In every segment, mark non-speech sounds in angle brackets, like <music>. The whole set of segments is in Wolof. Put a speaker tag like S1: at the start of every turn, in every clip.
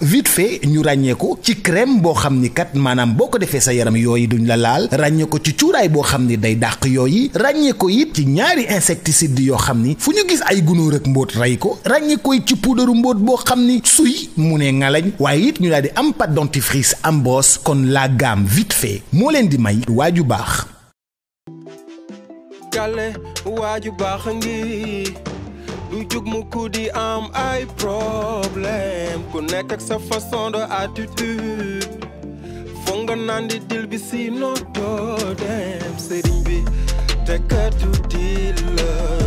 S1: vite fait ñu ràññee ko ci crème boo xam ni kat maanaam boo ko defee sa yaram yooyu duñ la laal ràññee ko ci cuuraay boo xam ni day dàq yooyu ràññee ko it ci ñaari insecticide yoo xam ni fu ñu gis ay gunóor ak mbóot rey ko ràññee ko it ci puudaru mbóot boo xam ni suy mu ne ngalañ waaye it ñu daal di am pat dentifrice am boos kon laa gaam vite fait moo leen di may waa ju
S2: kale baax du jug mu ku di am ay problème ku nekk ak sa façon de attitude foog naan di dil bi si noo doo dem sëriñ bi tekkatu di la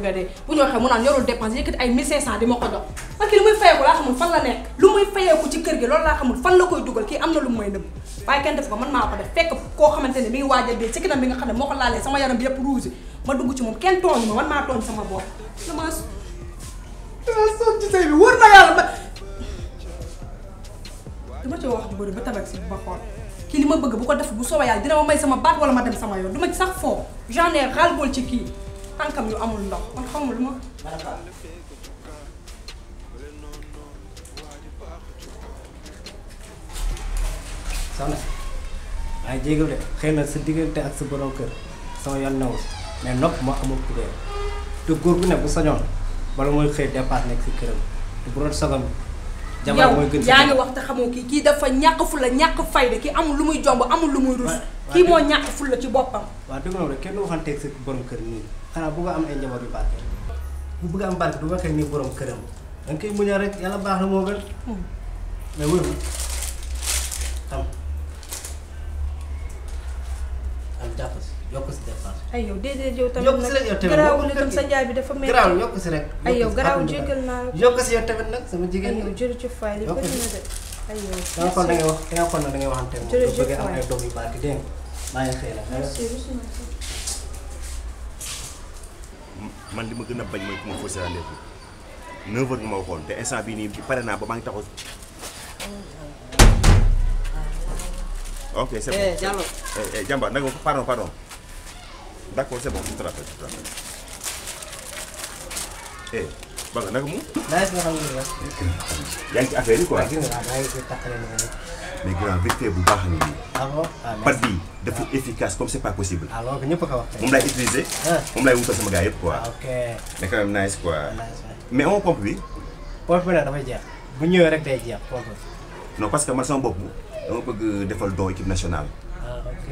S1: bëgg a dee bu ñu waxee mu naan yorul dépense yëkkati ay 1500 di ma ko jox parce que li muy fayeeku laa xamul fan la nekk lu muy fayeeku ci kër gi loolu laa xamul fan la koy dugal kii am na lu may nëbb waaye kenn def ko man maa ko def fekk koo xamante ne mi ngi waajal dee ci kanam bi nga xam ne moo ko laalee sama yaram bi yëpp rouge ma dugg ci moom kenn tooñ ma man maa tooñ sama bopp dama son ci sëy bi wóor na yàlla ba duma ci wax bu bëri ba tabax si bu kii li ma bëgg bu ko def bu soobee yàlla dina ma may sama baat wala ma dem sama yoon duma ci sax foo j'en ai ras ci kii tànkam yu amul
S2: ndox kon xaw lu ma.
S3: soxna waaye jéegam de xëy na sa diggante ak sa borom kër sama yoon newu mais nopp moo amul kubéer te góor bu ne bu sañoon bala mooy xëy dépasse nekk si këram te bu doon sogam. jamono mooy gën yaa ngi
S1: wax te xamoo kii kii dafa ñàkk fulla ñàkk fayda kii amul lu muy jomb amul lu muy rus. kii moo ñàkk fulla ci boppam.
S3: waaw dëgg la kenn waxanteeg sa borom kër nii. xana bu nga am ay njaboot yu barke bu bëgg am barke du ma xëy ni borom këram da nga koy muñal rek yàlla baax na moo gën mais wëru ma xam am jàpp si yokk si dépense ay yow déedéet yow tamit yokk si rek yow tamit ni tam sa jaay bi dafa mel garaaw yokk si rek ay yow garaaw jégal naa la yokk si yow tamit nag sama jigéen yow jërëjëf faay li bëri na de ay yow da nga xool da ngay wax da nga xool na da ngay waxante moom bëgg am ay doom yu barke dégg nga maa ngi xëy nag
S1: man dima gëna bañ moy kuma fossé rendez-vous 9 heures nga ma waxone té instant bi ni paré na ba ma ngi taxo
S3: ok c'est bon eh Diallo eh, eh Jamba nag pardon pardon d'accord
S1: c'est bon tu te rappelles tu te rappelles eh ba nga nag mu.
S3: naa yas nga xam ne ci affaire quoi.
S1: mais grand vecteur bu baax nga nii.
S3: alors pad bi
S1: efficace comme c'est pas possible. alors que ñëpp a ko wax. moom laay utiliser. Ah. moom laay wutal sama gars yëpp quoi. Ah, ok mais quand même nice quoi. Ah, mais on pompe bi.
S3: pompe bi nag dafay jeex bu ñëwee rek day jeex
S1: non parce que man sama bopp dama bëgg defal don équipe nationale.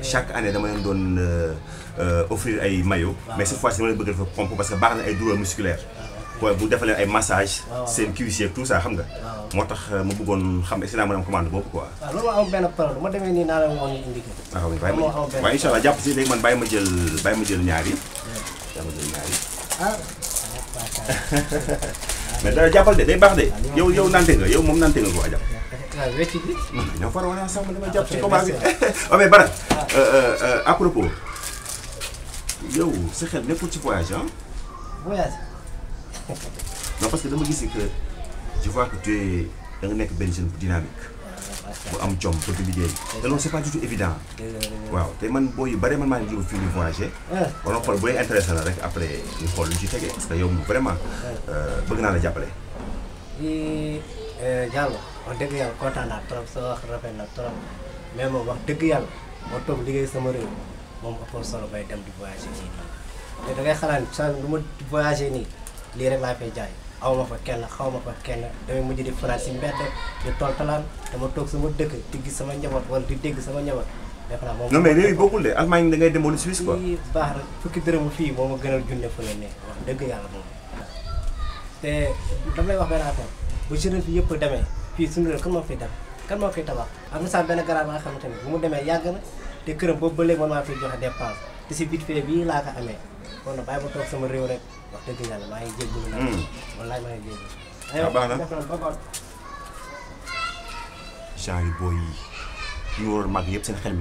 S1: chaque année dama leen doon euh, euh, offrir ay maillot mais cette fois ci dama leen bëgg dafa pompe parce que baax na ay douleurs musculaires. booy bu defalee ay massage ah, seen cuisse yeeg tout ça xam nga. Ah. moo tax euh, ma bëggoon xam est-ce que naa am commande boobu ko waaw
S3: ah, loolu am benn problème bu ma demee nii naa la woon
S1: waaye incha jàpp si léegi man bàyyi ma jël bàyyi ma jël ñaar ma jël ñaar yi.
S3: <laughs>
S1: mais dara jàppal de day baax de yow yow nante nga yow moom nante nga ko waa jàpp. waaw wecc bi. ñoo faral woon sax <laughs> euh, euh, ci commande non parce que dama gis que je vois que tu es da nga nekk benn jeune bu dynamique. bu am jom bëgg liggéey. te non c'est pas du tout évident. waaw te man yu bare man maa ngi jóg fii di voyager. wala xool bu lay intéressé la rek après ñu xool lu ci tegee parce que yow vraiment bëgg naa la jàppale.
S3: Diallo wax dëgg yàlla kontaan naa trop sa wax rafet na trop mais moom wax dëgg yàlla moo toog liggéey sama réew moom ëppoon solo bay dem di voyager nii te da ngay xalaat lu ma voyager nii. lii rek laa fay jaay aw ma fa kenn xaw ma fa kenn damay mujj di fanaan si mbedd di toltalaan dama toog sama dëkk di gis sama njaboot wala di dégg sama njaboot def naa moom. non mais réew yi
S1: da ngay demoon Suisse quoi.
S3: fii baax na fukki dërëmu fii moo ma gënal junne fu ne wax dëgg yàlla moom. te damay wax benn affaire bu jeune fi yëpp demee fii suñu réew kan moo fiy dem kan moo fi tabax am na sax benn garab ba nga xamante ni bu mu demee yàgg na te këram boobu ba léegi man maa fiy joxe dépense te si vite fait bii laa ko amee kon nag bàyyi ma toog sama réew rek. wax dëgg yàlla maa ngi jégalu. walaay baax na
S1: genre yu booy yi seen xel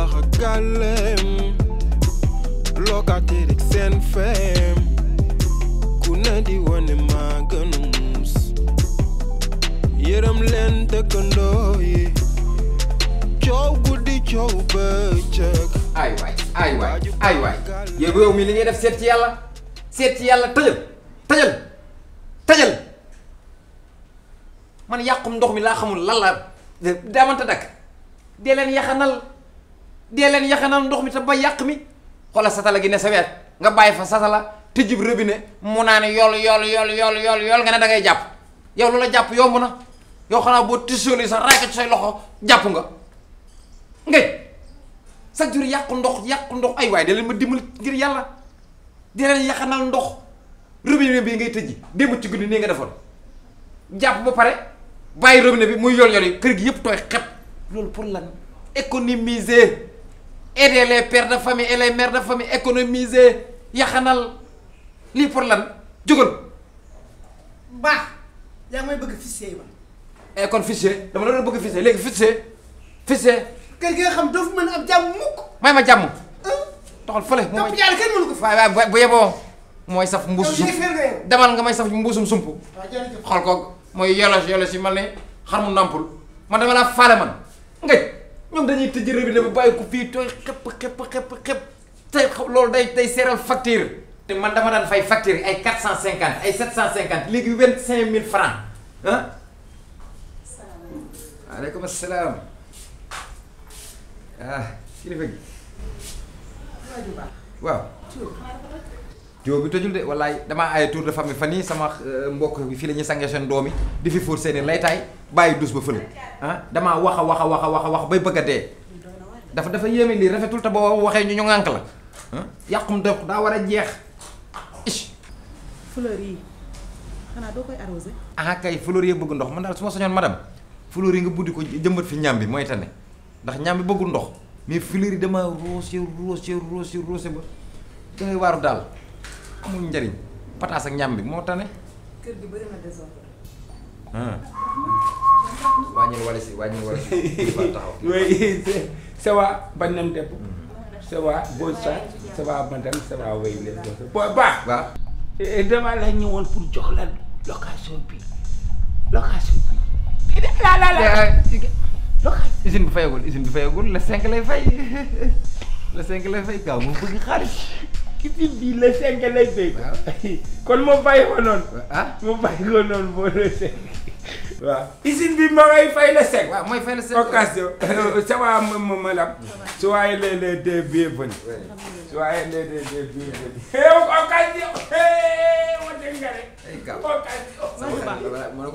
S2: a gàllem locataire ak leen di wane maa a muus yërëm leen dëkkandoo yi coow guddi coow bëccëg ay waay ay waay
S4: ay waay yow réew mi li ngay def seet ci yàlla seet ci yàlla tëjal tëjal tëjal man yàqum ndox mi laa xamul lan la daamante dakk dee leen yaxanal dee leen yaxanal ndox mi te ba yàq mi xoolal satala gi ne sa weer nga bàyyi fa satala tëjib robinet mu naan yool yool yool yool yool yool nga ne da ngay jàpp yow loola jàpp yomb na yow xanaa boo tisoolee sax raay ci say loxo jàpp nga ngay chaque jour ndox yàqu ndox ay waay da leen ma ngir yàlla di leen ndox robinet bi ngay tëjji démb ci guddi nii nga defoon jàpp ba pare bàyyi robinet bi muy yool yool yi kër gi yëpp tooy xepp loolu pour lan économiser aider les pères de famille et les mères de famille économiser yàqanal lii pour lan jógal. baax yaa ngi may bëgg fichier ba. eh kon fichier dama doon bëgg fichier léegi fichier fichier. kër gi nga xam doo fi mën ab jàmm mukk. may ma jàmm. toxal fële. moom mooy yàlla kenn mënu ko. waaw mooy saf mbuusu sump nga may saf mbuusum sump. xool ko mooy yolos yolos yi mel ni xar mu nàmpul man dama laa faale man ngay. ñoom dañuy tëj robinet bu bàyyi ko fii tooy xëpp xëpp xëpp xëpp te loolu day day seeral facture té man dama daan fay facture ay 450 ay 750 légui 25000 mille francs ah. waaleykum salaam. ah kilifa gi. waaw. joo bi tojul de wallahi dama ay tour de famille fani sama euh, mbokk bi fi lañu sangé sen domi doom yi di fi fóot seeni laytaay dus ba feulé ah Dama waxa waxa waxa waxa wax bay bëgg dé dafa dafa yémi li rafetul ta bo waxé ñu ñu la hein dëkk daa war jeex
S3: fleur yi xana do koy arroser
S4: ah kay fleur yi bëgg ndox man dal suma soñon soñoon madame fleur yi nga buddi ko jëmbat fi ñam bi mooy tane ndax ñam bi bëggul ndox mais fleur yi dama roose roose roose roose ba dangay Sewa daal amul njariñ pataas ak ñam bi tane. kër gi <laughs> bañ c'est wa dama la ñëwoon pour jox la location bi location bi. la la la eh, eh, location. usine bi fayagul usine bi fayagul le cinq lay fay
S2: <laughs>
S4: le cinq lay fay kaw moom bëgg xaalis. usine bi le cinq lay fay. <laughs> kon moo bàyyi ko noonu. ah moo bàyyi ko noonu boo le cinq. waaw usine bi ma ngay fay le cinq. waaw mooy fay le cinq occasion. <laughs> ça va madame. su waaye les les deux bienvenue. ko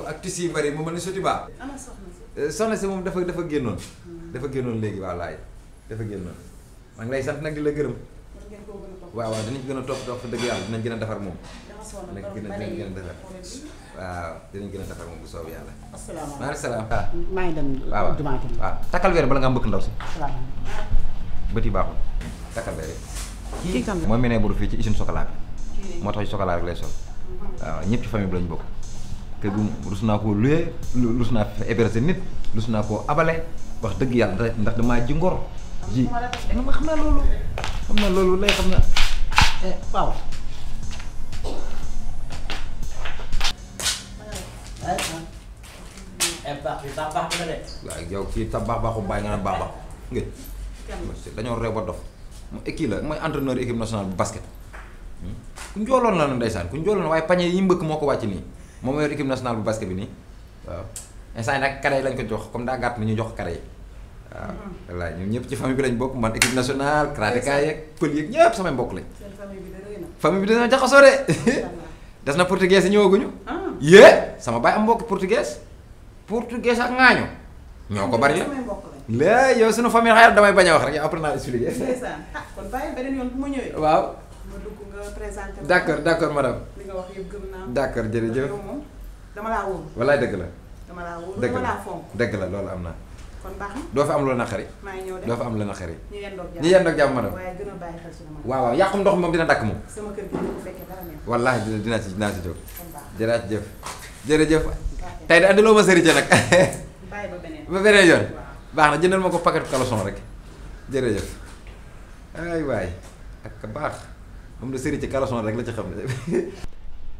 S4: ak tissu yu bari mu mel ni soti ba soxna si moom dafa mau génnoon dafa génnoon léegi wallaay dafa génnoon maa ngi lay sant nag di la gërëm waaw waaw dinañ gën a topp topp dëgg yàlla dinañ gën a defar moom dinañ gën a dinañ gën a defar waaw dinañ gën a defar moom bu soob yàlla maaleykum salaam
S3: maa ngi dem waaw waaw
S4: takkal weer bala nga mbëkk ndaw si bët beti baaxul takkal weer kii mooy menee buru fii ci usine chocolat moo tax chocolat rek lay sol waaw ñëpp ci famille bi lañ bokk kër gi rus naa ko luyee rus naa héberger naa koo abale wax dëgg yàlla ndax damaa ji ngoro ji
S3: xam naa loolu xam xam na eh, waaw baax
S4: yow kii sa baax baaxu bàyyi nga naan baax baax nga dañoo reew ba dof mooy kii la mooy entraîneur équipe nationale bu basket ku njooloon la na ndeysaan ku njooloon waaye pañe yi mbëkk moo ko wàcc nii moom yor équipe nationale bu basket bi nii waaw instant yi nag kare yi lañ ko jox comme daa gàtt ni ñu jox kare yi waaw wallaay ñun ñëpp ci famille bi lañ bokk man équipe nationale karateka yeeg pël yeeg ñëpp samay mbokk lañ famille bi dana jaxasoo de des na portugais yi ñëwaguñu ah. yée sama baay am mbokk portugais portugais ak ŋaaño ñoo ko bari
S2: la yow sunu
S4: famille xayal damay bañ a wax rek yow ya, après naa expliqué. ndeysaan
S2: ah kon bàyyi beneen yoon ya? bu ma ñëwee. waaw. ma dugg nga eh, présenté. d' accord d' accord madame. li nga wax yëpp gëm naa.
S4: d' accord jërëjëf moom dama laa wóor. walaay dëgg la. dama laa wóor dama laa fonk. dëgg la loolu am na. kon baax na doo fa am lu naqari. maa ngi ñëw de doo fa am lu naqari. ñu yendoog jàmm ñu yendoog jàmm madame. waaye gën a bàyyi xel bye bye waaw bye yàqum ndox moom dina dakk moom. sama baax na jëndal ma ko paquet caleçon rek jërëjëf ay waay ak baax moom de série ci caleçon rek la ci xam ne <laughs>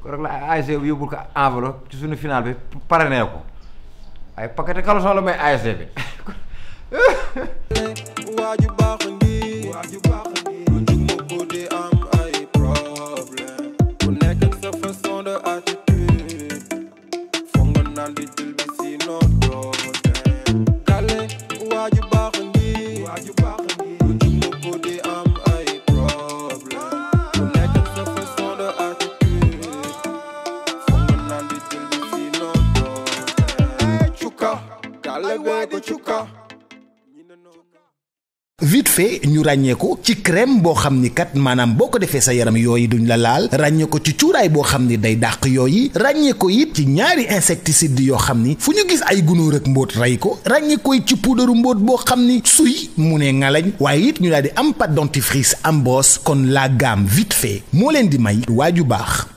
S4: ko rek la ASC bi yóbbul ko enveloppe ci suñu final bi pare nee ko ay paquet caleçon la may ASC bi <laughs> waaju baax ngi
S1: ràññee ko ci crème boo xam ni kat maanaam boo ko defee sa yaram yooyu duñu la laal ràññee ko ci cuuraay boo xam ni day dàq yooyu ràññee ko it ci ñaari insecticide yoo xam ni fu ñu gis ay gunóor ak mbóot rey ko ràññee ko ci puudaru mbóot boo xam ni suy mu ne ngalañ waaye it ñu daal di am pâte dentifrice am brosse kon laa gaam vite fait moo leen di may waaju baax